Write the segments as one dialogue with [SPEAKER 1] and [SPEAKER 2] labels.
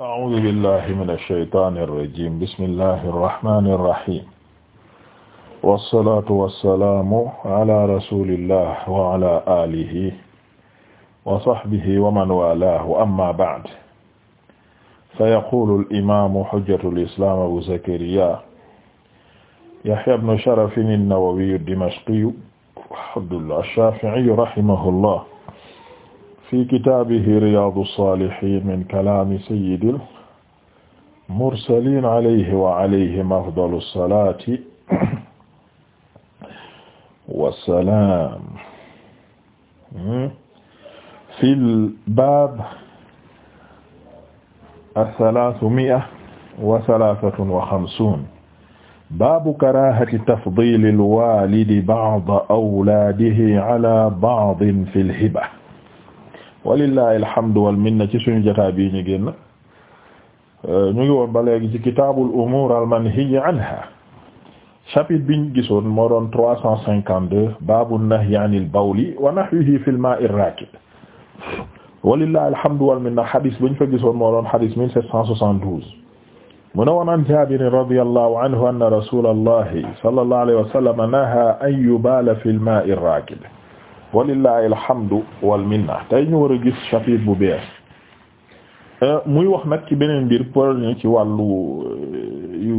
[SPEAKER 1] أعوذ بالله من الشيطان الرجيم بسم الله الرحمن الرحيم والصلاة والسلام على رسول الله وعلى آله وصحبه ومن والاه أما بعد فيقول الإمام حجة الإسلام أبو زكريا يحيى بن شرف النووي الدمشقي عبد الله الشافعي رحمه الله fi kitaabihi riyaadu saalihiin min kalaami sayyidil mursaliin alayhi wa alayhim afdalu salaati wa salaam fil baab asalaasu mi'a wa salaasatun wa xamsuun baabu karaahati tafdiilil waalidi ba'da awlaadihi alaa ba'din fil hiba walillahi alhamdu wal minna ci suñu jotaay bii ñu génn euh, ñu ngi woon ba léegi ci kitaabul umuur al manhiyyi anha chapitre biñ gisoon moo doon trois cent cinquante deux baabu nahyi anil bawli wa nahwihi fil maa'i raakid walillahi alhamdu wal minna xadis buñ fa gisoon moo doon xadis mille sept cent soixante douze mu ne woon an Jaabir radiyallahu anhu anna rasuulallahi sallallahu alayhi wa sallam nahaa an yubaala fil maa'i raakid walillahi alhamdu wal minna tey ñu war a gis chapitre bu beer euh, muy wax nag ci beneen mbir pour ñu ci wàllu euh, yu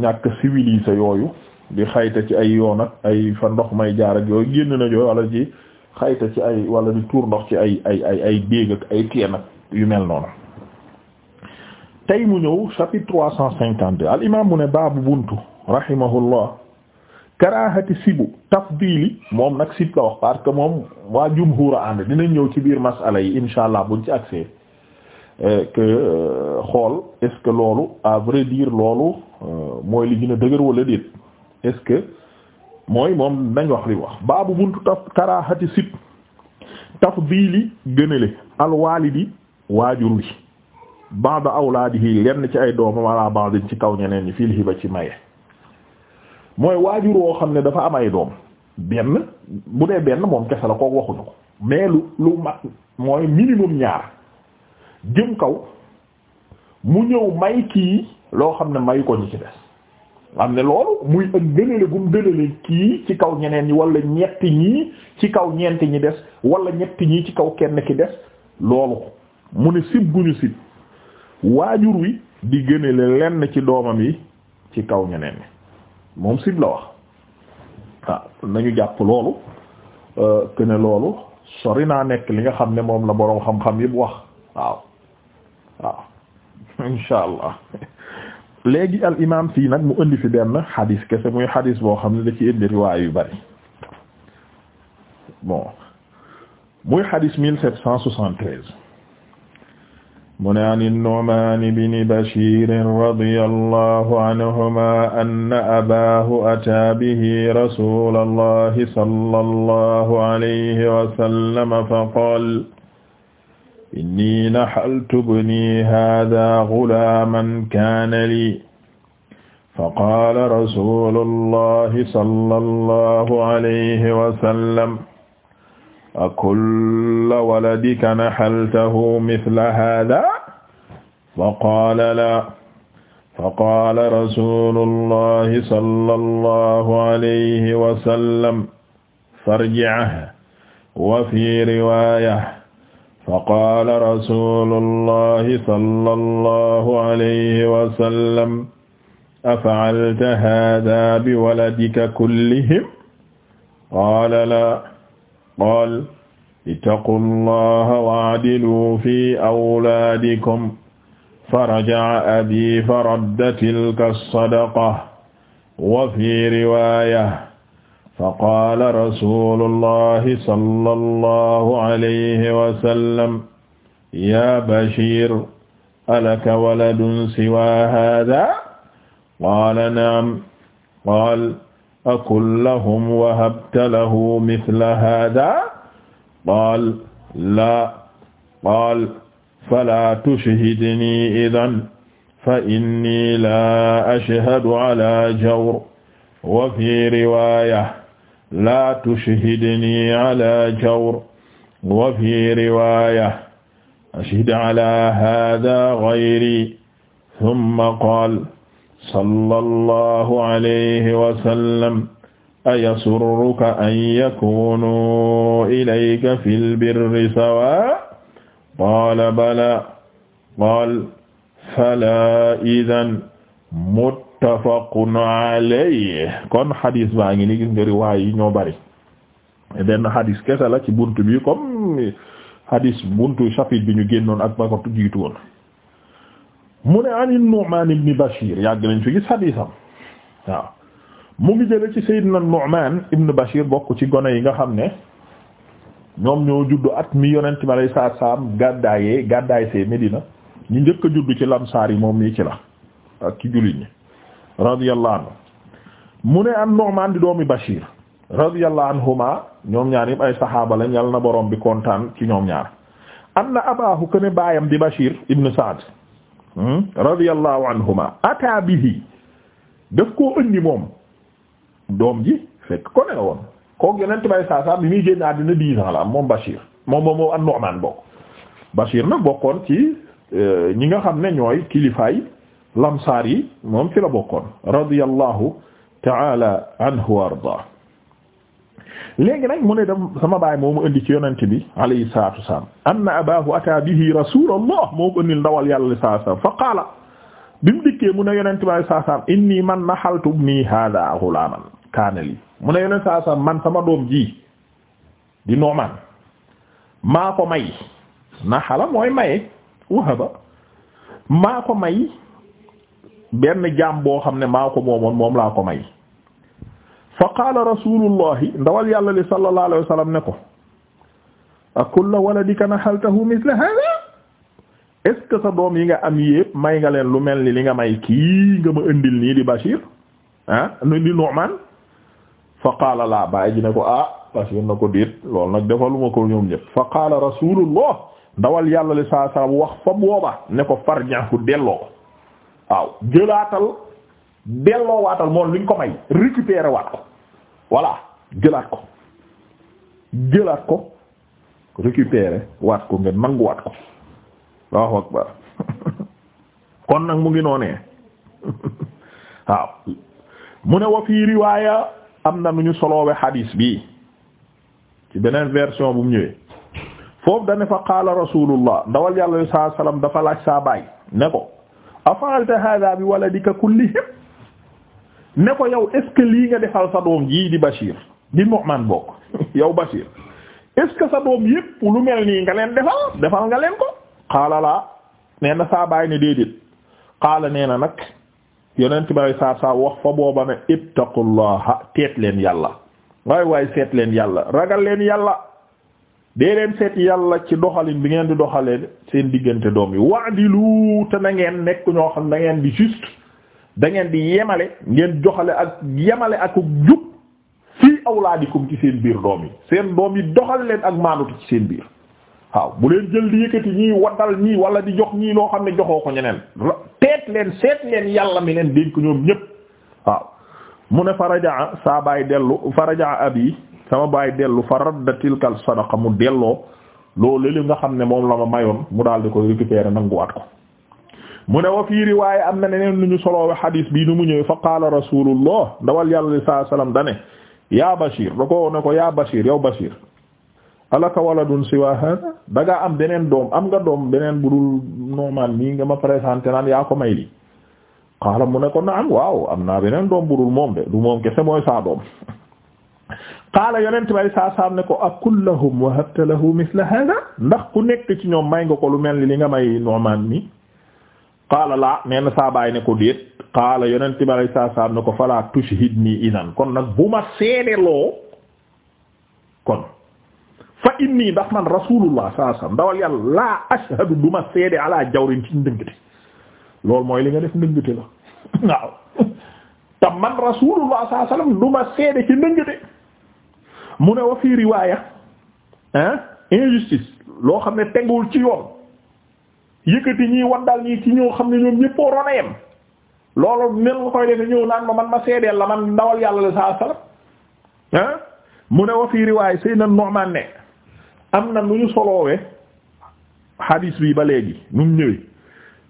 [SPEAKER 1] ñàkk civilisé yooyu di xayta ci ay yoon ak ay fa ndox may jaar ak yooyu génn na yooyu wala ci xayta ci ay wala di tuur ndox ci ay ay ay ay déeg ak ay teen ak yu mel noonu tey mu ñëw chapitre trois cent cinquante deux al imam ne baabu buntu rahimahullah karaahati sibu tafdili moom nag sib la wax parce que moom waa jumhuur a ànd dinañ ñëw ci biir masala yi insha allah buñ ci accès euh, que euh, xool est ce que loolu à vrai loolu euh, mooy li gën a dëgër wala déet est ce que mooy moom nañ wax li wax baabu buntu taf karaahati sib tafdili gënale alwaalidi waajur wi ba'da awlaadihi lenn ci ay doomam wala ba'din ci kaw ñeneen ñi fil hiba ci maye mooy waajur woo xam ne dafa am ay doom benn bu dee benn moom kese la ko waxuñu ko mais lu lu mat mooy minimum ñaar jëm kaw mu ñëw may kii loo xam ne mayu ko ñu ci des am ne loolu muy ak gënale gum gënale kii ci kaw ñeneen yi wala ñetti ñii ci kaw ñeenti ñi des wala ñetti ñii ci kaw kenn ki des loolu mu ne sib guñu sib waajur wi di gënale lenn ci doomam yi ci kaw ñeneen ñi moom sib la wax waaw ah, nañu jàpp loolu euh, que ne loolu sori naa nekk li nga xam ne moom la boroom xam-xam yëpp wax waaw waaw insha allah léegi al imam fii nag mu indi fi benn xadis kese muy xadis boo xam ne da ci indi riwaay yu bari bon muy xadis mille sept cent soixante mu ne an an-Nu'maan ibn Bashiir radiyallahu anhumaa anna abaahu ataa bihi rasuulallahi sallallahu alayhi wa sallam faqaala innii nahaltu ibnii haadhaa ghulaaman kaana lii faqaala rasuulullahi sallallahu alayhi wa sallam akulla waladika naxaltahu mithla hada faqaala laa faqaala rasulullahi sallallahu alayhi wa sallam farji'ahu wa fi riwaayatin faqaala rasulullahi sallallahu alayhi wa sallam afa'alta hada biwaladika kullihim qaala laa qaal ittaqu allaha waadilu fi awlaadikum fa raja'a abi fa radda tilka sadaqa wa fi riwaaya fa qaala rasulullahi sallallahu alayhi wa sallam ya bashir alaka waladun siwa haadha qaala na'am qaal akun lahum wahabta lahu mithla hada qaal laa qaal fala tushhidnii idan fa inni laa ashhadu ala jawr wa fi riwaaya laa tushhidnii ala jawr wa fi riwaaya ashhid ala hada ghayri thumma qaal sallallahu alayhi wa sallam ayasurruka an yakunu ilayka fil birri sawa qaala bala qaal fala idan muttafaqun alayhi kon xadis baa ngi ni gis nga yi ñoo bari benn xadis kese la ci buntu bi comme xadis buntu chapitre bi ñu génnoon ak ba mu ne an Nu'man ibn Bashir yàgg nañ fi gis xadiisam waaw mu ngi jële ci Seydina Nu'man ibn Bashir bokk ci gone yi nga xam ne ñoom ñoo juddu at mi yonent bi alayhi salaatu salaam gàddaayee gàddaay see Medina ñu njëkk a ci lamsaar yi moom mii ci la ak ci jullit ñi radiyallahu mu ne an Nu'man di doomi Bashir radiyallahu anhuma ñoom ñaar yëpp ay saxaaba lañ yàlla na borom bi kontaan ci ñoom ñaar na abaahu kaana baayam di Bashir ibn Sa'd Hmm? radiyallahu anhuma ata bihi daf koo indi moom doom ji fekk ko ne la woon kooku yonent bay saa saa bi muy génn àddina dix ans la am moom Bachir moom moom moom an-Nu'man bokk Bachir nag bokkoon ci euh, ñi nga xam ne ñooy kilifaay lamsaar yi moom ci la bokkoon radiyallahu ta'ala anhu wa ardaa léegi nag mu ne dem sama baay moo mu indi ci yonent bi alayhi salaatu wasalaam anna ataa bihi rasuulallah moo ko indil ndawal yàlla li saa fa qaala bi mu dikkee mu ne yonent bi alayhi salaam inni man naxaltu nii haadaa ghulaaman kaana lii mu ne yonent saa saa man sama doom ji di noomaan maa ko may naxala mooy maye wahaba maa ko may benn jaam boo xam ne maa ko moomoon moom laa ko may fa qaala rasulullahi ndawal yàlla li sallallahu alayhi wa sallam ne ko a kulla waladika nahaltahu misla hada est sa doom yi nga am yépp may nga leen lu mel ni li nga may kii nga ma indil nii di Bashir ah nu di Nu'man fa qaala laa bàyyi ji ne ko ah Bashir na ko déet loolu nag defaluma ko ñoom ñëpp fa qaala rasulullah ndawal yàlla li sallallahu alayhi wax fa booba ne ko farñaaku delloo waaw jëlaatal delloo waatal moom luñ ko may récupérer waat voilà jëlaat ko jëlaat ko récupérer waat ko ngeen nanguwaat ko waaw akbar kon nag mu ngi noonee waaw mu ne wa fii riwaaya am na nu ñu soloowe xadiis bi ci beneen version bu mu ñëwee foofu dane fa qaala rasulullah ndawal yàlla sallallahu alayhi wasallam dafa laaj saa baay ne ko afaalta hada bi waladika ne ko yow est lii nga defal sa doom jii di Bachir di Nu'man bokk yow Bachir est-ce sa doom yépp lu mel nii nga leen defal defal nga leen ko xaala laa nee na saa bàyyi ne déedéet xaala nee na nag yonent bi saa saa wax fa booba ne ittaqullaha teet leen yàlla waay waay seet leen yàlla ragal leen yàlla dee leen seet yàlla ci doxalin bi ngeen di doxaleen seen diggante doom yi wa'dilu te na nekk ñoo xam na ngeen di juste da ngeen di yemale ngeen joxale ak yemale ak jub fii awlaadikum ci seen biir doom yi seen doom yi doxal leen ak maanutu ci seen biir waaw bu leen jël di yëkkati ñii waddal ñii wala di jox ñii loo xam ne joxoo ko ñeneen teet leen seet leen yàlla mi leen dénk ñoom ñépp waaw mu ne farajaa saa baay dellu farajaa abi sama baay dellu fa radda tilkal sadaqa mu delloo loolu li nga xam ne moom la ma mayoon mu daal di koy récupérer nanguwaat ko mu ne wa fii riwaaya am na neneen lu ñu soloowe xadiis bii nu mu ñëwee fa qaala rasulullah ndawal yàlla li saa sallam dane yaa Bashir da ko ne ko yaa Bashir yow Bashir alaka waladun siwa hada da am beneen doom am nga doom beneen bu dul normal nga ma présenté naan yaa ko may li qaala mu ne ko naam waaw am naa beneen doom bu moom de du moom kese mooy saa doom qaala yonent bay saa saam ne ko akullahum wahabta lahu mithla hada ndax ku nekk ci ñoom may nga ko lu mel ni li nga may normal nii qaala laa nee na saa ne ko déet qaala yonent bi alayhi salaam ne ko falaa tushhid nii inan kon nag bu ma seedeloo kon fa inni ndax man rasulullah saa saa ndawal yàlla laa ashhadu du seede ala jawrin ci ndëngte loolu mooy li nga def ndëngte la waaw te man rasulullah saa sallam du ma seede ci ndëngte loo xam ne teguwul ci yoon. yëkkati ñii waddal ñii ci ñoo xam ne ñoom ñëpp waroon a yem loolu mel nga koy defe ñëw naan ma man ma seedeel la man ndawal yàlla la saa salam ah mu ne wa fii riwaay sëy na Nu'man ne am na lu ñu soloowe hadis bi ba léegi nu ñëwee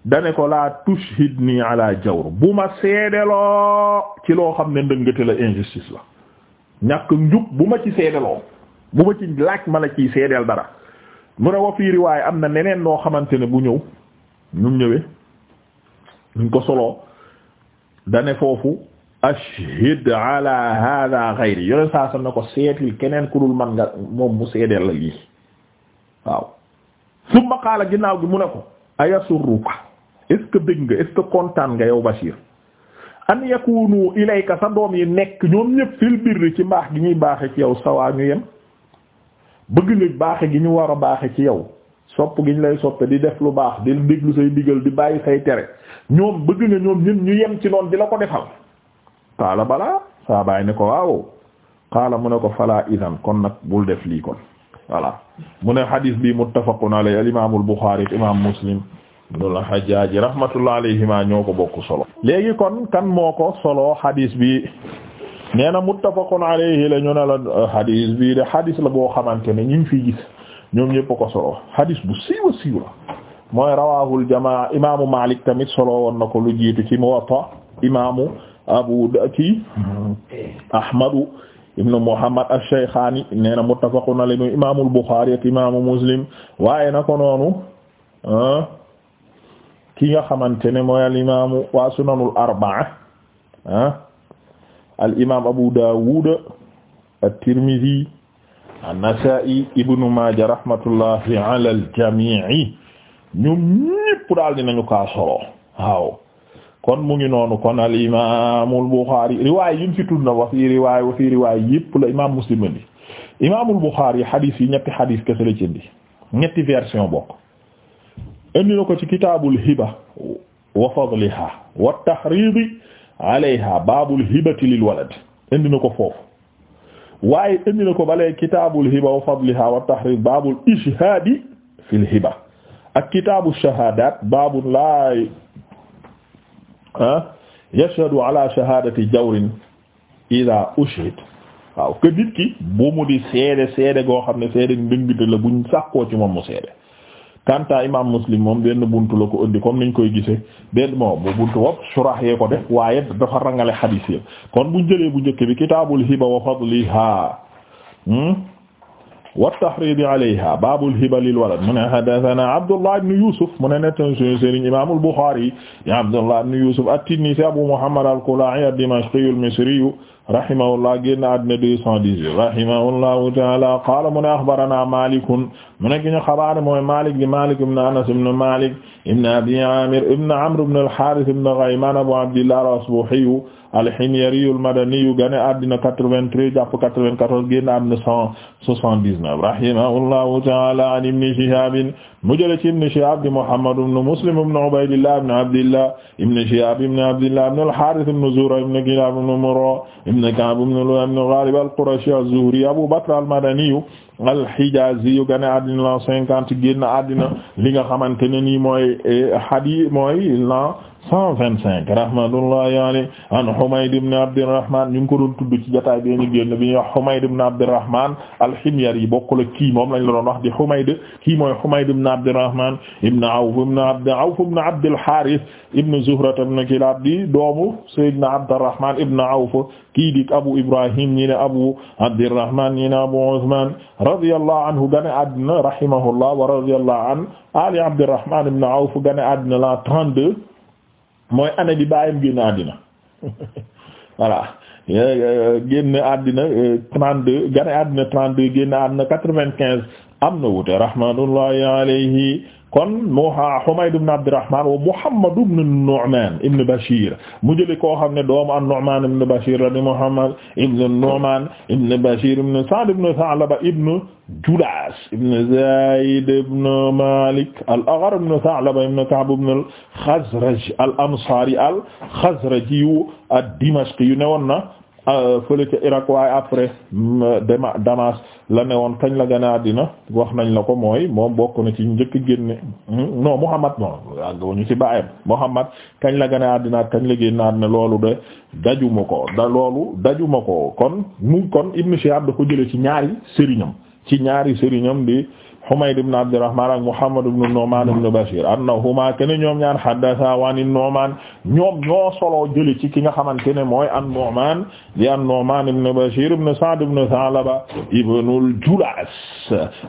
[SPEAKER 1] dane ko laa tushhidni ala jawr bu ma seedeloo ci loo xam ne ndëngate la injustice la ñàkk njub bu ma ci seedeloo bu ma ci laaj ma la ciy seedeel dara mu ne wa fii riwaaya am na neneen noo xamante ne bu ñëw ñu ñëwee ñu ko soloo dane foofu ashhid ala hada ghayri yoneen saa sam ne ko seetil keneen ku dul man nga moom mu seedeel la lii waaw summa qaala ginnaaw gi mu ne ko ayasurruka est-ce que bëgg nga nga yow Bashir an yakunu ilayka sa doom yi nekk ñoom ñëpp fil birri ci mbaax gi ñuy baaxe ci yow sawaa ñu yem bëgg nga baaxe gi ñu war a baaxe ci yow sopp gi ñu lay soppe di def lu baax di déglu say digal di bàyyi say tere ñoom bëgg nga ñoom ñun ñu yem ci noonu di la ko defal qaala balaa saa bàyyi ne ko waaw qaala mu ne ko falaa idan kon nag bul def lii kon voilà mu ne hadis bi muttafaqun alayhi al imaamul Buxaari ak imaam Muslim ibnul Hajjaaj rahmatullah alayhima ñoo ko bokk solo léegi kon kan moo ko solo hadis bi neena na muttafaqun la ñu ne la euh, hadis bii de hadis la boo xamante ne ñu ngi fiy gis ñoom ñëpp ko solo hadis bu siiwa siiwa mooy rawaahul jamaa imaamu Malik tamit solo woon na ko lu jiitu ci Muwatta imaamu Abu Daki Ahmadu ibnu Muhammad ash-Shaykhani nee na muttafaqun alayhi imaamul Bukhari ak imaamu waaye na ko ah, nga xamante ne mooy al imaamu waa sunanul arbaa ah, al imaam Abu Dawud at-Tirmidhi an-Nasa'i ibnu Maaja rahmatullahi ala jamii ñoom ñépp daal dinañu kaa solo waaw kon mu ngi noonu kon al imaam al-Bukhari riwaay yi fi tudd na wa fi riwaay wa la imaam Muslim indi imaam al-Bukhari xadiis yi ñetti xadiis kese la version bokk indi na ci kitaabul hiba wa fadliha wa tahriid alayha baabul hibati lil walad indi na ko foofu waaye indi na ko balee kitaabul hiba wa fadliha wa tahrir baabul ishhaadi fil hiba ak kitaabu shahaadaat baabul laa ah, yashhadu ala shahaadati jawrin idaa ushhid waaw que nit ki bu mu di seede seede goo xam ne seede ndëngite la buñ sàkkoo ci moom mu seede kanta imam muslim moom benn buntu la ko indi comme niñ koy gisee benn moo bu buntu wopp surah yee ko def waaye dafa rangale xadiis yi kon buñ jëlee bu njëkk bi kitaabul hiba wa fadliha hmm? wa tahriidi alayha baabul hiba lil walad mu ne haddasanaa Abdullah ibn Yusuf mu ne nettan suñu sëriñ imaamul Buxaari yi Abdullah ibn Yusuf at-Tinnisi Abu Muhammad al-Kalaa'i ad-Dimashqi al-Misri rahimahullah génn àddina 218 rahimahullahu ta'aala qaala mu ne axbaranaa Maalik mu ne ki ñu xabaar mooy Maalik di Maalik ibn Anas ibn Maalik ibn Abi Aamir ibn Amr ibn al-Haarith ibn Ghaymaan Abu Abdillah al-Asbahi al-Himyari al-Madani gane àddina 93 jàpp 94 génn àddina 179 rahimahullahu ta'ala an Ibn Shihab mu jële ci Ibn Shihab di Muhammad ibn Muslim ibn Ubaydillah ibn Abdillah ibn Shihab ibn Abdillah ibn al-Harith ibn Zura ibn Kilab ibn Murra ibn Ka'b ibn Lu'ay ibn Ghalib al-Qurashi az-Zuhri Abu Bakr al-Madani al-Hijazi gane àddina la 50 génn àddina li nga xamante ne nii mooy eh, hadi mooy la 125 rahmatullahi alayhi an Humayd ibn Abdirrahman ñu ngi ko doon tudd ci jotaay bi ñu génn bi ñu wax Humayd ibn Abdirrahman al-Himyari bokkul ak kii moom lañ la doon wax di Humayd kii mooy Humayd ibn Abdirrahman ibn Awf ibn Abd Awf ibn Abd al-Harith ibn Zuhra ibn Kilab di doomu Sayyidina Abdirrahman ibn Awf kii di Abu Ibrahim ñi ne Abu Abdirrahman ñi ne Abu Uthman radiyallahu anhu gane àddina rahimahullah wa radiyallahu an Ali Abdirrahman ibn Awf gane àddina la 32 mooy année bi baayam génn àddina voilà génn àddina euh, trente-deux gane àddina trente-deux génn àddina quatre-vingt-quinze am na wute rahmatullahi alayhi kon moa Humayd ibn Abdurrahman wa Muhammad ibn Nu'man ibn Bashir mu jëli koo xam ne doomu an-Nu'man ibn Bashir la di Muhammad ibn Nu'man ibn Bashir ibn Sa'd ibn Tha'laba ibn Judas ibn Zayd ibn Malik al-Aghar ibn Tha'laba ibn Ka'b ibn al-Khazraj al-Ansari al-Khazraji ad-Dimashqi yu newoon na Euh, fële ca Irak waaye après mm, dema Damas la ne woon kañ la gannaaw dina wax nañ la ko mooy moom bokk na ci njëkk génne mm, non Muhammad moom àggawu ñu ci bàyyam Muhammad kañ la gannaaw dina kañ la génnaat ne loolu de dajuma ko da loolu dajuma ko kon mu kon Ibn Shihab da ko jëlee ci ñaari sëriñam ci ñaari sëriñam di. Humayd ibn Abdurrahman ak Muhammad ibn Nu'man ibn Bashir annahuma kenn ñoom ñaar haddatha an Nu'man ñoom ñoo solo jëli ci ki nga xamante ne mooy an-Nu'man di an-Nu'man ibn Bashir ibn Sa'd ibn Tha'laba ibn al-Julas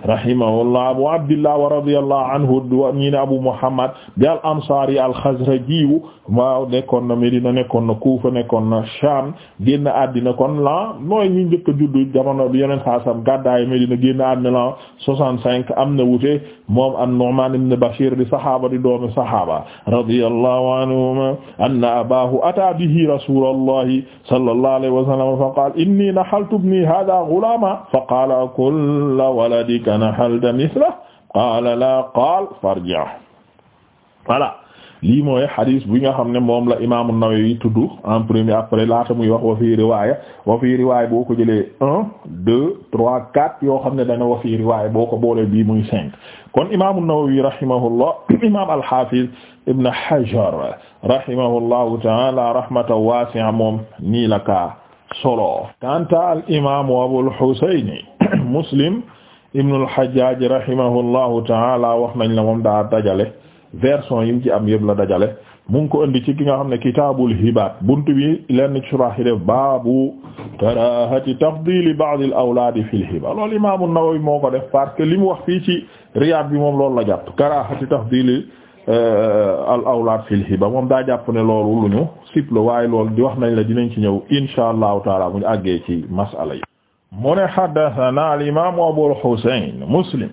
[SPEAKER 1] rahimahullah Abu Abdillah wa radiyallahu anhu ñi ne Abu Muhammad di al-Ansari al-Khazraji waaw nekkoon na Medina nekkoon na Kufa nekkoon na Sham génn àddina kon la mooy ñi njëkk a juddu jamono bi yeneen xaasam gàddaay Medina génn àddina la 65 nekk am na wute moom an-Nu'man ibn Bashir di saxaaba di doomi saxaaba radiyallahu anhuma anna abahu ata bihi rasulallahi sallallahu alayhi wa sallam fa qala inni nahaltu ibni hadha ghulama fa qala kulla waladika nahalta mithlahu qala la qala farji' voilà lii mooy xadis bi nga xam ne moom la imaamu Nawawi tudd en premier après laata muy wax wa fii riwaaya wa fii riwaaya boo ko jëlee un deux trois quatre yoo xam ne dana wa fii riwaaya boo ko boolee bii muy cinq kon imaamu Nawawi rahimahullah imaam al-Hafiz Ibn Hajar rahimahullahu ta'ala rahmatan wasi'a moom nii la ka solo kanta al imaamu Abul Husayni Muslim ibn al-Hajjaj rahimahullahu ta'ala wax nañ la moom daa dajale version yi mu ci am yëpp la dajale mu ngi ko indi ci ki nga xam ne kitaabul hibaat buntu bi lenn surah yi def baabu karahati tafdili ba'd al awlaadi fil hiba loolu imaamu Nawawi moo ko def parce que li mu wax fii ci Riyad bi moom loolu la jàpp karahati tafdili euh, al awlaad fil hiba moom daa jàpp ne loolu lu ñu siple waaye loolu di wax nañ la nañ ci ñëw insha allahu taala mu ñu àggee ci masala yi mu ne haddathana al imaamu Abul Husayn Muslim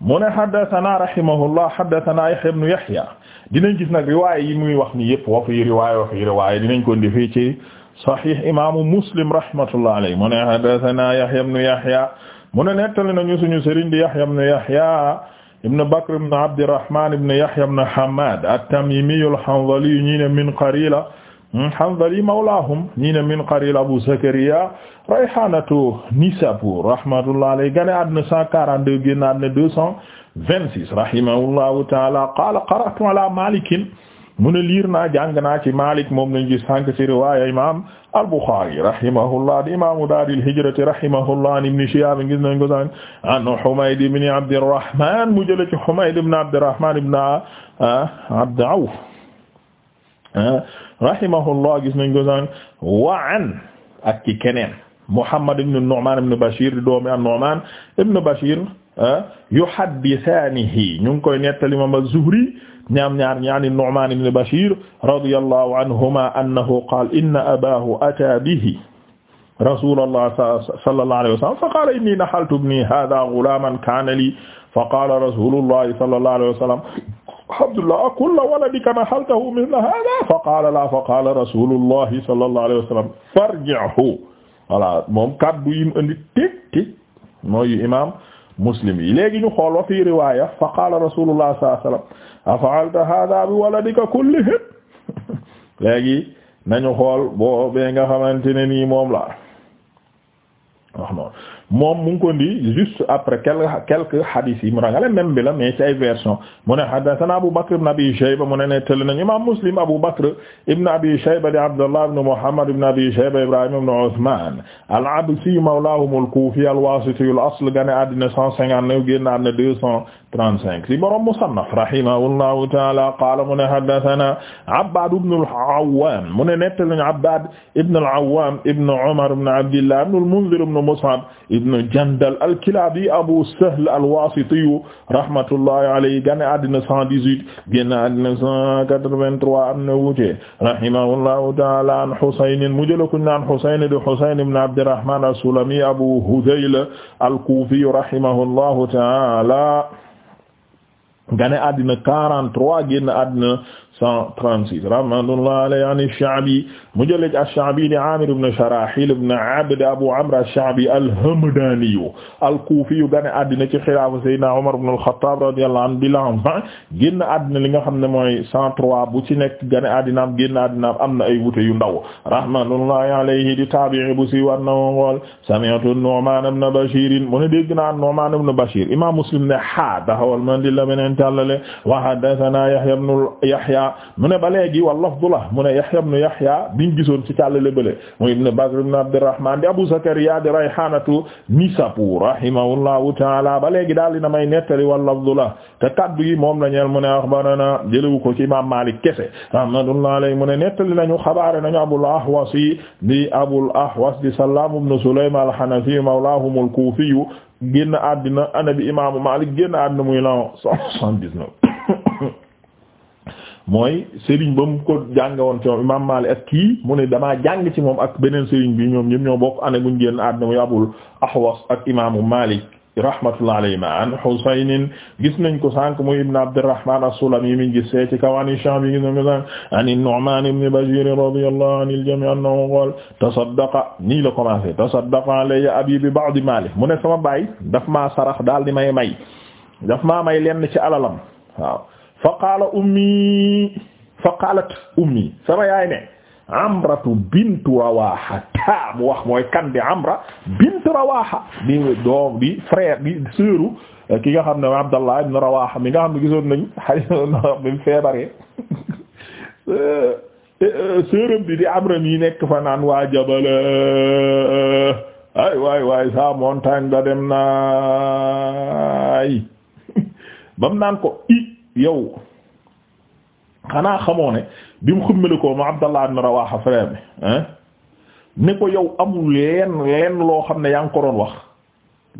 [SPEAKER 1] mu ne haddathana rahimahullah haddathana Yahya ibn Yahya dinañ gis nag riwaay yi muy wax ni yëpp wa fi riwaay wa fi riwaay dinañ ko indi fii ci sahih imaamu Muslim rahmatullah alayhi mu ne haddathana Yahya ibn Yahya mu ne nettali nañu suñu sëriñ di Yahya ibn Yahya ibn Bakr ibn Abdirrahman ibn Yahya ibn Hammad at-Tamimi al-Hanzali ñi ne min Qarila Hmm? Hanzali mawlaahum ñi ne min qaril Abu Zakariya rayhaanatu Nisapur rahmatullah alayhi gane àddina 142 génn àddina 226 rahimahullahu ta'ala qaala qara'tu ala Maalikin mu ne liir naa jàng naa ci Maalik moom lañ gis sànq ci riwaaya imaam al-Bukhari rahimahullah di imaamu daaril hijrati rahimahullah an ibn Shihaab gis nañ ko sànq an Humayd ibn Abdirrahmaan mu jëlee ci Humayd ibn Abdirrahmaan ibn ah, Abd Awf rahimahullah gis nañ ko san wa an ak ci keneen Muhammad ibn Nu'man ibn Bashir di doomi an-Nu'man ibn Bashir yuhaddithanihi ñu ngi koy nettali imam az-Zuhri ñaam ñaar ñaani Nu'man ibn Bashir radiyallahu anhuma annahu qala inna abahu ata bihi rasulullah sallallahu alayhi wa sallam fa qala inni nahaltu ibni hadha ghulaman kana li fa qala rasulullah sallallahu alayhi wa sallam Abdullah kulla waladika nahaltahu mithla hadha fa qaala la fa qaala rasulullahi sallallahu alayhi wa sallam farji'hu voilà moom kaddu yi mu indi tig tig mooy imam Muslim yi léegi ñu xool wa fi riwaya fa qaala rasulullah sallallahu alayhi wa sallam afa'alta hadha bi waladika kullihim léegi nañu xool boo bee nga xamante ne nii moom la wax noonu moom mu ngi ko ndi juste après quelques quelques hadith yi mu rangale même bi la mais ci ay version mu ne haddathana Abu Bakr ibn Abi Shayba mu ne nettali nañu imam Muslim Abu Bakr ibn Abi Shayba di Abdullah ibn Muhammad ibn Abi Shayba Ibrahim ibn Uthman al-Absi mawlahum al-Kufi al-Wasiti al-asl gane àddina 159 génn àddina 235 ci borom Musannaf rahimahullahu ta'ala qala mu ne haddathana Abbad ibn al-Awwam mu ne nettali nañu Abbad ibn al-Awwam ibn Umar ibn Abdillah ibn al-Mundhir ibn Mus'ab ibn Jandal al-Kilabi Abu Sahl al-Wasiti rahmatullahi alayhi gane àddina 118 génn àddina 183 am na wuute rahimahullahu ta'ala an Husayn mu jël ko naan Husayn di Husayn ibn Abdirrahman as-Sulami Abu Hudayl al-Kufi rahimahullahu ta'ala gane àddina 43 génn àddina 136 rahmatullah alayhi an Sha'bi mu jëlee Sha'bi di Amir ibn Sharahil ibn Abd Abu Amr Sha'bi al-Hamdani al-Kufi gane àddina ci xilaafa Sayyidina Umar ibn al-Khattab radiyallahu anhu di l'an 20 génn àddina li nga xam ne mooy 103 bu ci nekk gane àddinaam génn àddinaam am na ay wute yu ndaw rahmatullah alayhi di taabi'i bu si war na woon sami'tu Nu'man ibn Bashir mu ne dégg naa Nu'man ibn Bashir imam Muslim ne ha daxawal man di la beneen tàllale wa haddathana Yahya ibn Yahya anhuma mu ne ba léegi wa lafdu la mu ne Yahya ibn Yahya biñ gisoon ci càllale bële mu ibn Bakr ibn Abdurrahman di Abu Zakariya di Rayhanatu Nisabu rahimahullahu taala ba léegi daal dina may nettali wa lafdu la te kaddu yi moom la ñeel mu ne axbarana jëlewu ko ci imam Malik kese rahmatullahi alayhi mu ne nettali nañu xabaare nañu Abul Ahwas di Abul Ahwas di Sallam ibn Sulaym al-Hanafi mawlahum al-Kufi génn àddina ana bi imaamu Malik génn àddina muy la soixante-dix-neuf mooy Serigne ba mu ko jànge woon ci moom Imam Malik ak kii mu ne damaa jàng ci moom ak beneen Serigne bi ñoom ñoom ñoo bokk année bu ñu génn àdduna muy Abul Ahwas ak imaamu Malik rahmatullah alayhima an Husayn gis nañ ko sànq muy Ibn Abdurrahman as-Sulami mi ngi gisee ci gis nañ ko sànq an Nu'man ibn Bashir radiyallahu anil jami' annahu qala tasaddaqa nii la commencé tasaddaqa alayya abi baay daf maa sarax daal di may may daf maa may lenn ci alalam waaw fa qaala ummi fa qaalat ummi sama yaay ne amratu bintu rawaha ta mu wax mooy kan di amra bintu rawaha di doom di frère di sœuru ki nga xam ne abdallah ibn rawaha mi nga xam ne gisoon nañ xay bi mu feebaree sœuram bi di amra mi nekk fa naan waa jabala ay waay waay sa montagne da dem naay bam naan ko yow xanaa xamoo ne bi mu xummili ko mu Abdallah ibn Rawaha frère bi ne ko yow amul lenn loo xam ne yaa ngi ko doon wax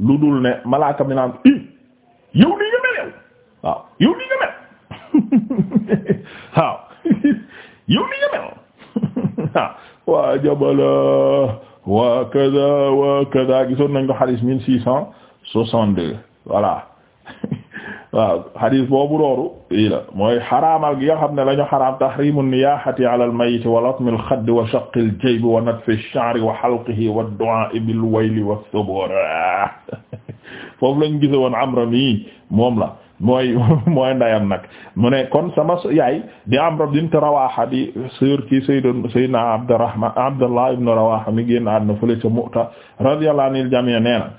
[SPEAKER 1] lu dul ne malaaka mi naan eh, yow nii nga mel yow yow nii nga mel waa jabala waa kada waa kada gisoon nañ ko xaalis mille six cent soixante-deux voilà waaw hadis boobu dooru lii la mooy xaraamal gi nga xam ne la ñu xaraam tahrimu niyahati ala al mayit wa latmi al xadd wa shaqi al jayb wa natfi al sha'r wa halqihi wa du'a bil wayl wa subur foofu lañ gise woon amra mi moom la mooy mooy ndayam nag mu ne kon sama yaay di Amra bint Rawaha di sœur ci Sayyidun Sayyidina Abdurrahman Abdullah ibn Rawaha mi génn àdduna fële ca Mu'ta radiyallahu anil jami' nee na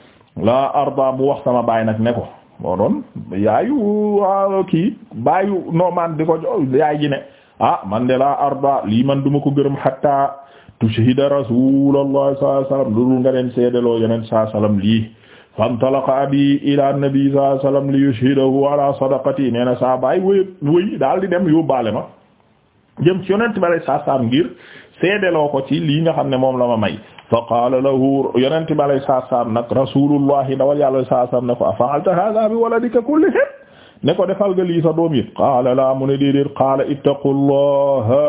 [SPEAKER 1] la arda mu wax sama baay nag ne ko moo doon yaayu ah, kii baayu noomaan di ko jox yaay ji ne ah man de laa arda lii man duma ko gërëm hatta tushhida rasulullah sallallahu alayhi wasallam loolu nga leen seedeloo yeneen sallallahu alayhi wasallam lii fantalaqa abi ila nabi sallallahu alayhi wasallam li yushhidahu ala sadaqati nee na saa baay wëy wëy daal di dem yóbbaale ma jëm ci yonent bi sallallahu alayhi wasallam ngir seedeloo ko ci lii nga xam ne moom la ma may fa qaala lahu yonente bi alay saat salaam nag rasulullahi ndawal yàlla saat salaam ne ko afa'alta hadha bi waladika kullihim ne ko defal nga lii sa doom yi qaala laa mu ne déedéet qaala ittaqullaha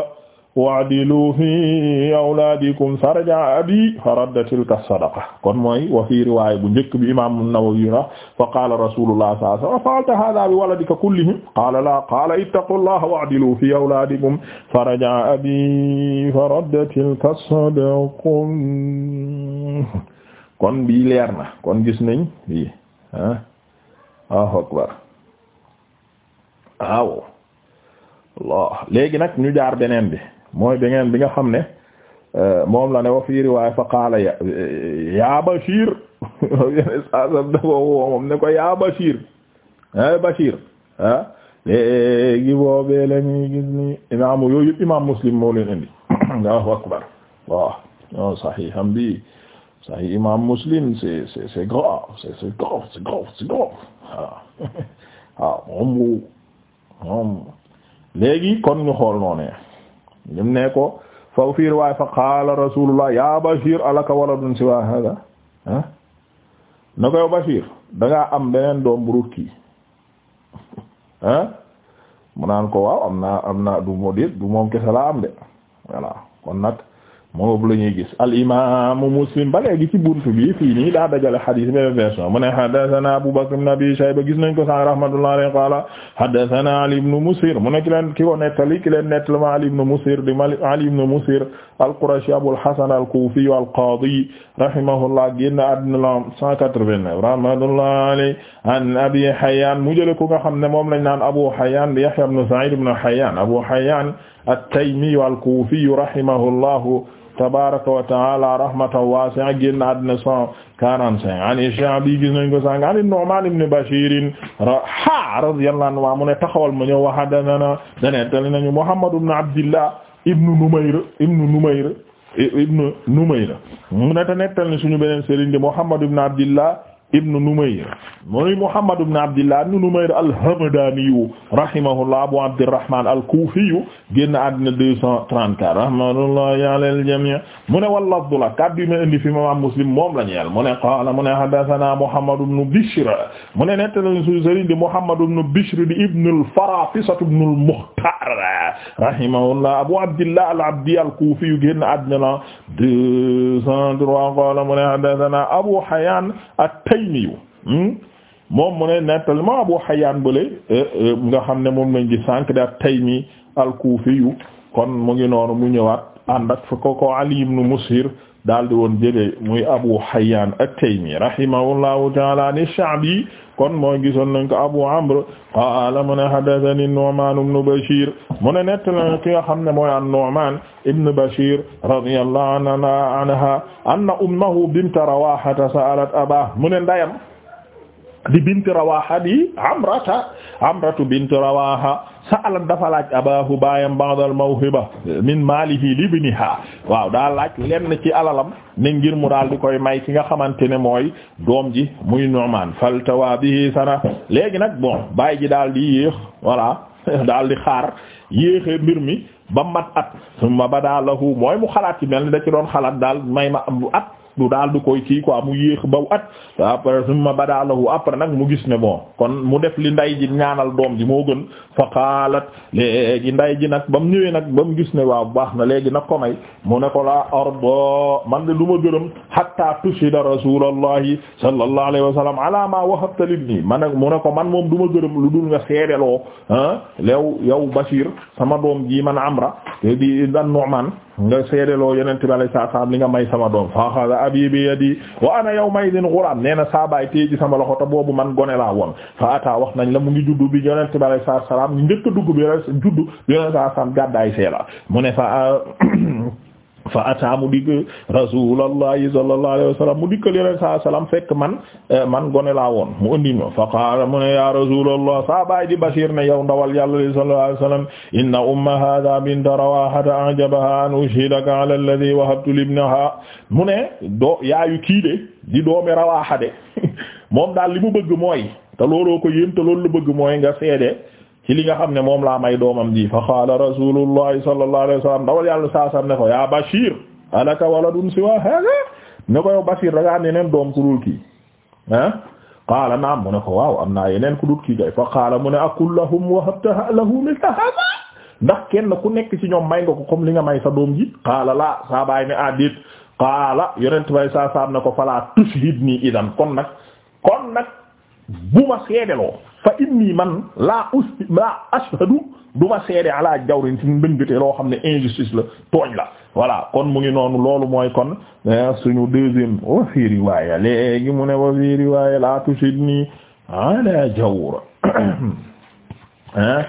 [SPEAKER 1] wa'dilu fi awlaadikum farja abi faradda tilka sadaqa kon mooy wa fi riwaaya bu njëkk bi imaam an-Nawawi ra fa qaala rasuulullaah sallallaahu alayhi wa sallam afa'alta haadhaa bi waladika kullihim qaala laa qaala ittaqullaaha wa'dilu fi awlaadikum farja abi faradda tilka sadaqa kon bii leer na kon gis nañ bii ah Allahu akbar waaw léegi nag ñu jaar beneen bi mooy bi ngeen bi nga xam ne euh, moom la ne wa fi riwaaya fa qaala ya Bashir ko ya Bashir a Bashir ah léegi boobee imam Muslim moo leen indi Allahu akbar waaw non sahih am bi sahih imam Muslim c'est c'est c'est grave c'est moom moom kon ñu xool noonu ñim ne ko faw fiir waaye fa qaala rasulullah ya bashir alaka waladun siwa hada ah na ko yow bashir da am beneen doom bu rut kii mu naan ko waaw am naa naa du moo déet du moom kese laa am de voilà kon nag moom la ñuy gis al imaamu muslim ba léegi ci buntu bi fii nii daa dajale xadis même version mu ne haddathana Abu Bakr ibn Abi Shayba gis nañ ko sànq rahmatullahi alayhi qaala haddathana Ali ibn Musir mu ne ki leen ki ko nettali ki leen nettali ma Ali ibn Musir di Ali ibn Musir al-Qurashi Abul Hasan al-Kufi al-Qadi rahimahullah génn àddina la 189 rahmatullahi alayhi an Abi Hayyan mu jële ko nga xam ne moom lañ naan Abu Hayyan Yahya ibn Sa'id ibn Hayyan Abu Hayyan at-Taymi al-Kufi rahimahullah tabaraka wa taala rahmatan wasi'a génn àddina cent quarante-cinq a Sha'bi gis nañ ko sànq an Nu'man ibn Bashir ha radiyallahu anhu mu ne taxawal ma ñëw waxadana dane tali nañu Muhammad ibn Abdillah ibn Numayr ibn Numayr ibn Numayr mu ne te suñu beneen sëriñ Muhammad ibn Abdillah ibn Numayr mooy Muhammad ibn Abdillah ibn Numayr al-Hamdani rahimahullah Abu Abdirrahman al-Kufi génn àddina deux cent trente-quatre rahmatullahi ala al-jami' mu ne wallafdu la kaddu yi ma indi fi Imam Muslim moom la ñeel mu ne qaala mu ne haddathana Muhammad ibn Bishr mu ne nettali suñu sëriñ di Muhammad ibn Bishr di ibn al-Farafisa ibn al-Mukhtar rahimahullah Abu Abdillah al-Abdi al-Kufi génn àddina deux cent trois qaala mu ne haddathana Abu Hayyan at-Taymi Taymiyu hmm? moom mu ne nettali ma Abu Hayyan bële eh, eh, nga xam ne moom lañ gi sànq daal Taymi al-Kufiyu kon mu ngi noonu mu ñëwaat ànd ak ko ko Ali ibn Mushir daal di woon jëlee muy Abu Hayyan at-Taymi rahimahullahu ta'ala kon mooy gisoon nañ ko Abu Amr qaala mu ne haddathani Nu'man Bashir mu ne la ki nga xam ne mooy an-Nu'man ibn Bashir radiyallahu anha anna ummahu bint Rawaha sa'alat abah mu ne ndayam di bint Rawaha di Amrata Amratu Rawaha sa'alan dafa laaj abahu baayam ba'dal mawhiba min maalihi libniha waaw daal laaj lenn ci alalam ne ngir mu daal di koy may ki nga xamante ne mooy doom ji muy Nu'man faltawa bihi sana léegi nag bo bay ji daal di yéex voilà daal di xaar yéexee mbir mi ba mat at summa bada lahu mooy mu xalaat ci mel ni da ci doon xalaat daal may ma am at du daal du koy kii quoi mu yéex baw at après summa bada lahu après nag mu gis ne bon kon mu def li nday ji ñaanal doom ji moo gën fa qaalat nday ji nag ba mu ñëwee nag ba mu gis ne waaw baax na léegi nag ko may mu ne ko la arda man de du ma gërëm hatta tushida rasulallahi sallallahu alayhi wa sallam ala ma wahabta libni man nag mu ne ko man moom du ma gërëm lu dul nga seedeloo ah leew yow Bashir sama doom ji man amra te di dan Nu'man nga seedeloo yonent bi sa salaam li nga may sama doom fa axada abii bi yadi wa ana yawmaydin ghulaam nee na saa baay téye ji sama loxo te boobu man gone laa woon fa ata wax nañ la mu ngi juddu bi yonent bi alayhi salaam njëkk a dugg bi juddu bi yonent bi alayhi salaam gàddaay seela mu ne fa fa ata mu dikk rasulallahi sallallahu alayhi wa sallam mu dikkal yeneen saa salaam fekk man eh, man gone laa woon mu indi ma fa qaala mu ne ya rasulallah saa baay di Bashir ne yow ndawal yàlla li sallallahu alayhi wa sallam inna umma hadha bint rawahata ajabaha an ushhidaka ala alladhi wahabtu libnaha mu ne doo yaayu kii de di doomi rawaaxa de moom daal li mu bëgg mooy te looloo ko yéem te loolu la bëgg mooy nga seede ci li nga xam ne moom laa may doomam di fa qaala rasulullahi sallallahu alayhi wa ne ko yaa Bashir alaka waladun siwa hada ne ko yow Bashir da am yeneen doom ku dul kii ah qaala naam mu ne ko waaw am naa yeneen ku dul kii kay fa qaala mu ne aqul lahum wahabta lahu mithla hada ndax kenn ku nekk ci ñoom may nga ko comme li nga may sa doom ji qaala laa saa baay ne adit ah, qaala yonent bay saa sam ne ko falaa tushhidni idan kon nag kon nag bu fa inni man laa us laa ashhadu du ma seede ala jawrin ci ndëngate loo xam ne injustice la tooñ la voilà kon mu ngi noonu loolu mooy kon eh, suñu deuxième wa fi riwaya léegi mu ne wa fi riwaya la tushidni ala jawr eh,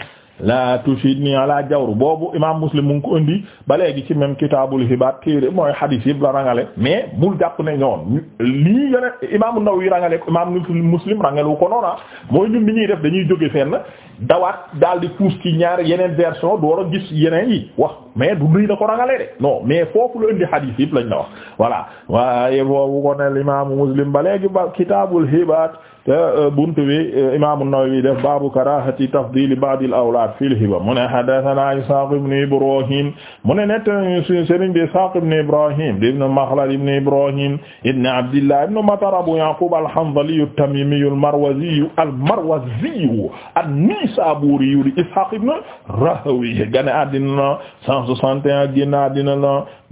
[SPEAKER 1] la tushidni ala jawr boobu imam muslim mu ngi ko indi ba léegi ci même kitaabul hibaat téere mooy hadis yëpp la rangale mais bul jàpp ne ñoon lii yone imam an-Nawawi rangale imam muslim rangale ko noona mooy ñun li ñuy def dañuy jóge fenn dawaat daal di puus ci ñaar yeneen version du war a gis yeneen yi wax mais du nuy na ko rangale de no mais foofu la indi hadis yëpp lañ la wax voilà waaye foofu ko ne imam muslim ba léegi ba kitaabul te euh, buntu bi euh, imaamu Nawawi def baabu karaahati tafdiili ba'dil awlaad fil hiba mu ne haddathanaa Ishaaq ibn Ibraahiim mu ne nett sëriñ bi Ishaaq ibn Ibraahiim di ibn Makhlad ibn Ibraahiim ibn Abdillah ibn Matar Abu Ya'quub al-Hanzali at-Tamiimi al-Marwazi al-Marwazi an-Naysaabuuri Ishaaq ibn Raahawayh gane àddina 161 génn àddina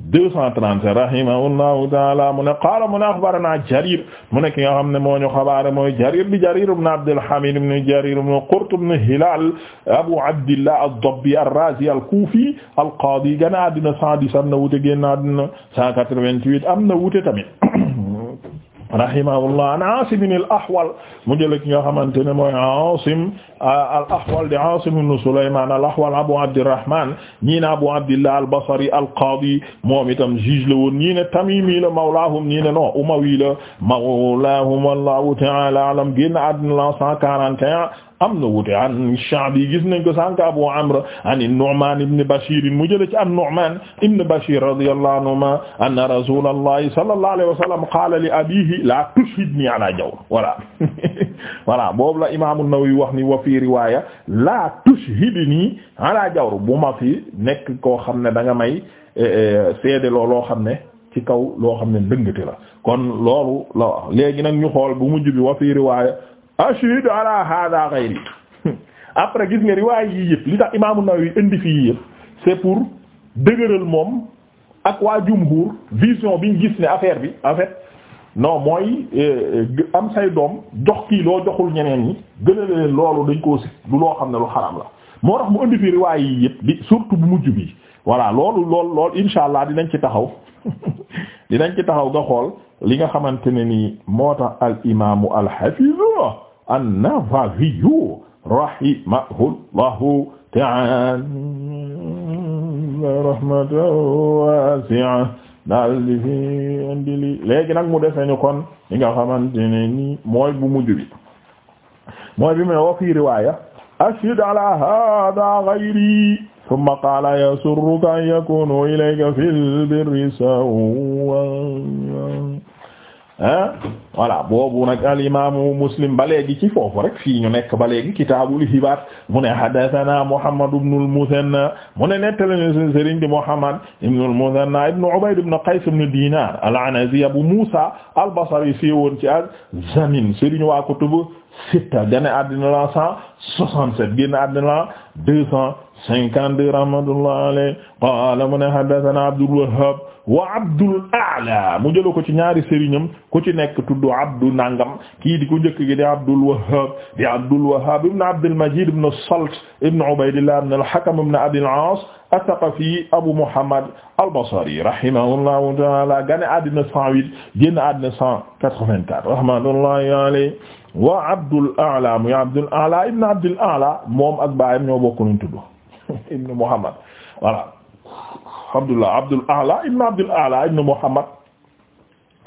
[SPEAKER 1] 237 rahimahullahu taala mu ne qaala mu ne axbarana Jarir mu ne ki nga xam ne moo ñu xabaare mooy Jarir bi Jarir ibn Abdul Hamid ibn Jarir ibn Qurt ibn Hilal Abu Abdillah ad-Dabbi ar-Razi al-Kufi al-Qadi gane addina 110 am na wuute génn addina 188 am na wuute tamit rahimahullah an Asim al Ahwal mu jële ki nga xamante ne mooy Asim al Ahwal di Asim ibn Sulaymaan al Ahwal Abu Abdirrahmaan ñii ne Abu Abdillah al Basri al Qaadi moom itam juge la woon ñii ne Tamiimi la mawlaahum ñii ne non Umawi la mawlaahum wallaahu ta'aala a'lam génn àdduna la 141 am na wute an Sha'bi gis nañ ko sànq Abu Amr an Nu'man ibn Bashir mu jëlee ci an Nu'man ibn Bashir radiyallahu anhuma anna rasulallahi sallallahu alayhi wa sallam qaala li abiihi la tushhidni ala jawr voilà voilà boobu la imaamu Nawawi wax ni wa fi riwaaya la tushhidni ala jawr bu ma fi nekk koo xam ne da nga may eh, eh, seede loo xam ne ci kaw loo xam ne ndëngate la kon loolu la léegi nag ñu xool bu mujj bi wa fi riwaaya ashhadu après gis nga riwaay yii yëpp li tax imaamu Nawawi indi fii yëpp c'est pour dëgëral moom ak waa jumhur vision bi ñu gis ne affaire bi en fait non mooy euh, euh, am say doom jox kii loo joxul ñeneen ñi gën leen loolu dañ koo si du loo xam ne lu xaram la moo tax mu indi fii riwaay yii yëpp bi surtout bu mujj bi voilà loolu lool loolu insha allah dinañ ci taxaw dinañ ci taxaw nga xool li nga xamante ne nii moo tax al imaamu al hafiz an-Nawawiyu rahimahullahu ta'ala rahmatan wasi'a daal di fi indi li léegi nag mu defe ñu kon li nga xamante ne ni mooy bu mujj bi mooy bi mu ne wa fii riwaya ashhadu ala hada ghayri thumma qala yasurruka an yakunu ilayka fil birri sawan ah voilà boobu nag al imaamu muslim ba léegi ci foofu rek fii ñu nekk ba léegi kitaabul hibaat mu ne haddathana Muhammad ibn al-Muthanna mu ne nettali ñu sëriñ di Muhammad ibn al-Muthanna ibn Ubayd ibn Qays ibn Dinar al-Anazi Abu Musa al-Basri siiwoon ci az-Zamin sëriñ waa kutubu sitta gane àddina la 167 génn àddina la 52 rahmatullahi alayhi qaala mu ne haddathana Abdul Wahhab wa Abdul A'la mu jëla ko ci ñaari sëriñam ku ci nekk tudd Abdu nangam kii di ko njëkk gi di Abdul Wahhab di Abdul Wahhab ibn Abdul Majid ibn Salt ibn Ubaydillah ibn al-Hakam ibn Abil Aas as-Saqafi Abu Muhammad al-Basri rahimahullahu ta'ala gane àddina 108 génn àddina 184 rahmatullahi alayhi wa Abdul A'la muy Abdul A'la ibn Abdul A'la moom ak baayam ñoo bokk ñu tudd ibn Muhammad voilà Abdullah Abdul A'la ibn Abdul A'la ibn Muhammad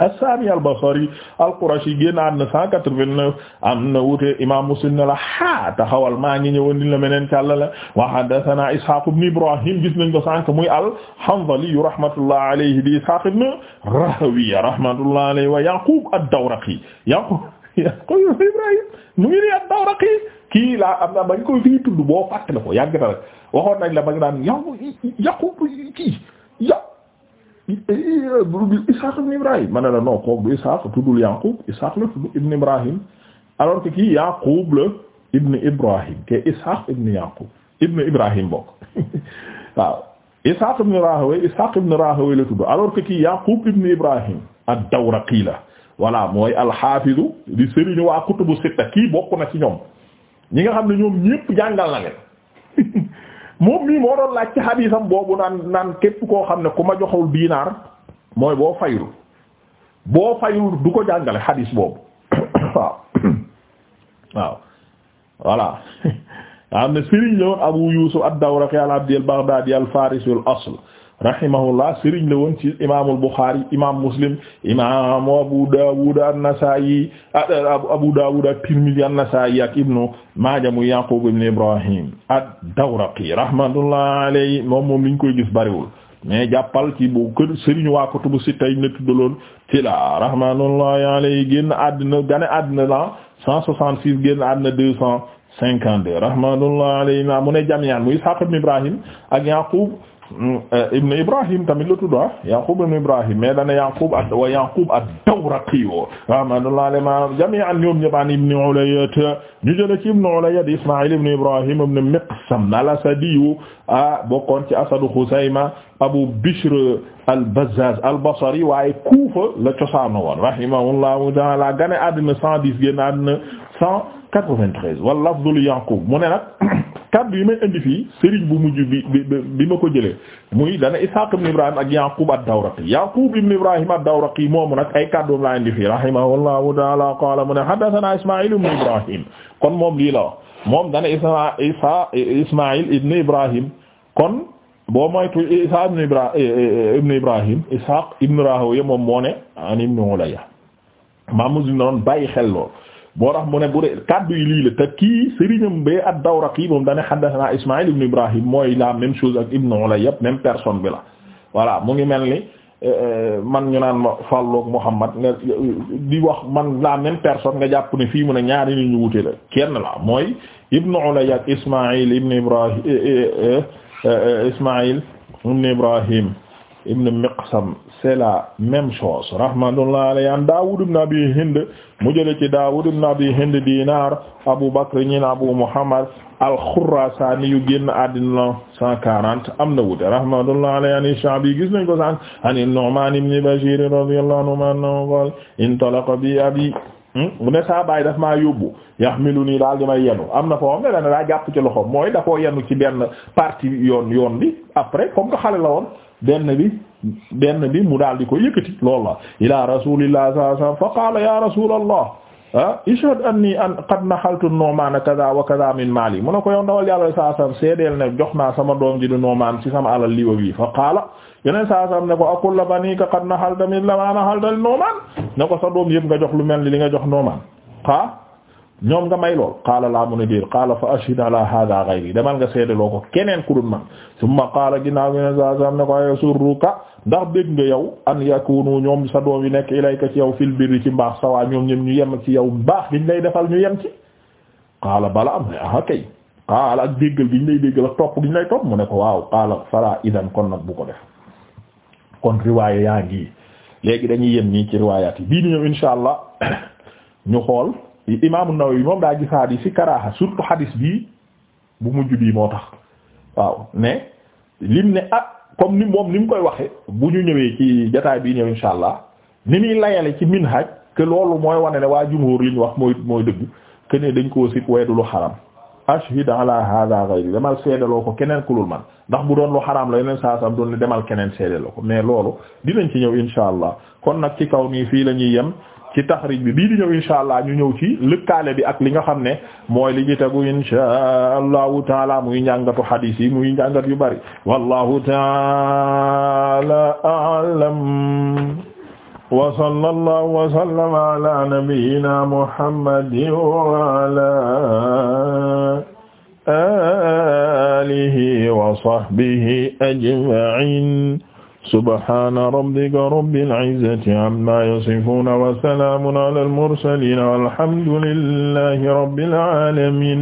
[SPEAKER 1] as-Sami al-Basri al-Qurashi génn àdduna 189 am na wuute imaam Muslim ne la ha taxawal maa ngi ñëwoon di la meneen càlla la wa haddathana Ishaq ibn Ibrahim gis nañ ko sànq muy al-Hanzali rahmatullahi alayhi di Ishaq ibn Rahawiya rahmatullahi alayhi wa Yaqub ad-Dawraqi Yaqub koy Ibrahim mu ngi nii ad-Dawraqi kii laa am na bañ koy fii tudd boo fàttali ko yàgg na rek waxoon nañ la ba ngi naan yaw yàqu kii yàqu ma ne la non kooku du Ishaq tuddul Yaqub Ishaq la tudd ibn Ibrahim alors que kii Yaqub la ibn Ibrahim ke Ishaq ibn Yaqub ibn Ibrahim bokk waaw ibn Rahawayh Ishaq ibn Rahawayh la tudd alors que kii Yaqub ibn Ibrahim ad-Dawraqi la voilà mooy alxaafizu di sëriñu waa kutubu sitta kii bokk na ci ñoom ñi nga xam ne ñoom ñépp jàngal na leen moom mii moo doon laaj ci xadiisam boobu naan naan képp koo xam ne ku ma joxul diinaar mooy boo fayul boo fayul du ko jàngale xadiis boobu waaw waaw voilà am na sëriñ la woon Abu Yusuf ad-Dawraqi al-Abdi al-Baghdadi al-Farisi al-asl rahimahullah sëriñ la woon ci imaamul Bukhari imaam Muslim imaam Abu Dawud an-Nasa'i Abu Dawud at-Tirmidhi an ak Ibnu Maaja mu Yaqub ibn Ibrahim ad-Dawraqi rahmatullah alayhi moom moom liñ koy gis bariwul mais jàppal ci bu kër sëriñ waa kutubu sitta yi ñu tuddaloon ci la rahmatullahi alayhi génn àddina gane àddina la 166 génn àddina 252 rahmatullahi alayhi mu ne jami'an muy Ishaq ibn Ibrahim ak Yaqub Euh, ibn Ibrahim tamit la tudd ah Yaqub ibn Ibrahim mais dana Yaqub ad wa Yaqub ad-Dawraqi rahmatullah alayhi ma jami'an ñoom ñëpp an ibn Ulayat ñu jële ci ibn Ulayat Isma'il ibn Ibrahim ibn Miqsam al-Asadi a ah, bokkoon ci Asadu Xusayma Abu Bishr al-Bazzaz al-Basri waaye Kufa la cosaano woon rahimahullahu ta'ala gane àddina 110 génn àddina 193 wal lafdul Yaqub mu ne nag kaddu yi may indi fii sëriñ bu mujj bi bi ma ko jëlee muy dana Ishaq ibn Ibrahim ak Yaqub ad-Dawraqi Yaqub ibn Ibrahim ad-Dawraqi moomu nag ay kaddoom laa indi fii rahimahullahu ta'ala qaala mu ne haddathana Isma'il ibn Ibrahim kon moom lii la moom dana Isa ibn Ibrahim kon boo moytu Isa ibn eh, eh, eh, ibn Ibrahim Ishaq ibn Rahowiya moom moo an ibn Ulayya ma mu noon bàyyi xel moo tax mu ne bu dee kaddu yi lii la te kii sëriñam bee ad kii moom dane haddathana Ismaïl ibn Ibrahim mooy la même chose ak Ibn Ulayya yëpp même personne bi la voilà mu ngi mel ni euh, euh, man ñu naan ma Falloog Muhammad nga euh, di wax man la même personne nga jàpp ne fii mu ne ñaari nit ñu wute la kenn la mooy Ibn Ulayya ak Ismaïl ibn Ibrahim Ismaïl ibn Ibrahim ibn Miqsam c'est la même chose rahmatullah alayhi an Daawud ibn Abi Hind mu jële ci Daawud ibn Abi Hind Dinar Abu Bakr ñin Abu Muhammad al-Khurasani yu génn àddina 140 am na wuute rahmatullah alayhi an Sha'bi gis nañ Bashir radiyallahu anhu annahu qala intalaqa bi hmm? ne saa baay daf maa yóbbu yaxmilu nii am na foo xam ne daa jàpp ci loxo mooy da koo yenu ci benn partie yoon yoon bi après comme que xale la benn bi bi mu daal di ko yëkkati loolu la ila rasulillah sallallahu alayhi wasallam fa qaala ya rasulallah ah ishhad anni an qad nahaltu nu'man kaza wa kaza min mali mu ne ko ne jox naa sama doom ji di nu'man ci sama alal lii wa fa qaala yeneen sallallahu alayhi wasallam ne nga jox lu mel ni li nga jox nu'man ñoom nga may lool qaala laa mun a déer qaala fa ashhid ala hadha ghayri demal nga seedaloo ko keneen ku dul man summa qaala ginnaaw yoneen saa saam ne ko ayasurruka ndax dégg nga sa doom yi nekk ilayka ci yow fil birri ci mbaax sawaa ñoom ñoom ñu yem ci yow mbaax liñ lay defal ñu yem ci bala am ne ak déggal giñ lay déggal ak topp giñ lay mu ne ko waaw qaala fala idan kon nag bu ko def kon riwaaya yaa ngi léegi dañuy yem ñi ci riwaayaat yi bii ni ñëw insha allah ñu xool imaam An-Nawawi moom daa gis hadis yi karaaxa surtout hadis bii bu mujj bii moo tax waaw ne lim ne ah comme ni moom ni mu koy waxe bu ñu ñëwee ci jotaay bii ñëw insha allah ni muy layale ci minhaj que loolu mooy wane ne waa jumhur li ñu wax mooy mooy dëgg que ne dañ koo sit weedu lu xaram ashhid ala hada ghayri demal seedeloo ko keneen kulul man ndax bu doon lu xaraam la yeneen saa sam doon ne demal keneen seedeloo ko mais loolu dinañ ci ñëw insha allah kon nag ci kaw nii fii la ñuy yem ci taxrij bi bii di ñëw insha allah ñu ñëw ci lëkkaale bi ak li nga xam ne mooy li ci tegu insha allahu taala muy njàngatu hadis yi muy njàngat yu bari wallahu taala a'lam wa sallallahu wa sallama ala nabiyyina muhammadin wa ala alihi wa sahbihi ajma'in subhaana rabbika rabbil izzati amma yasifuuna wa salaamun alal mursaliin walhamdu lillaahi rabbil aalamiin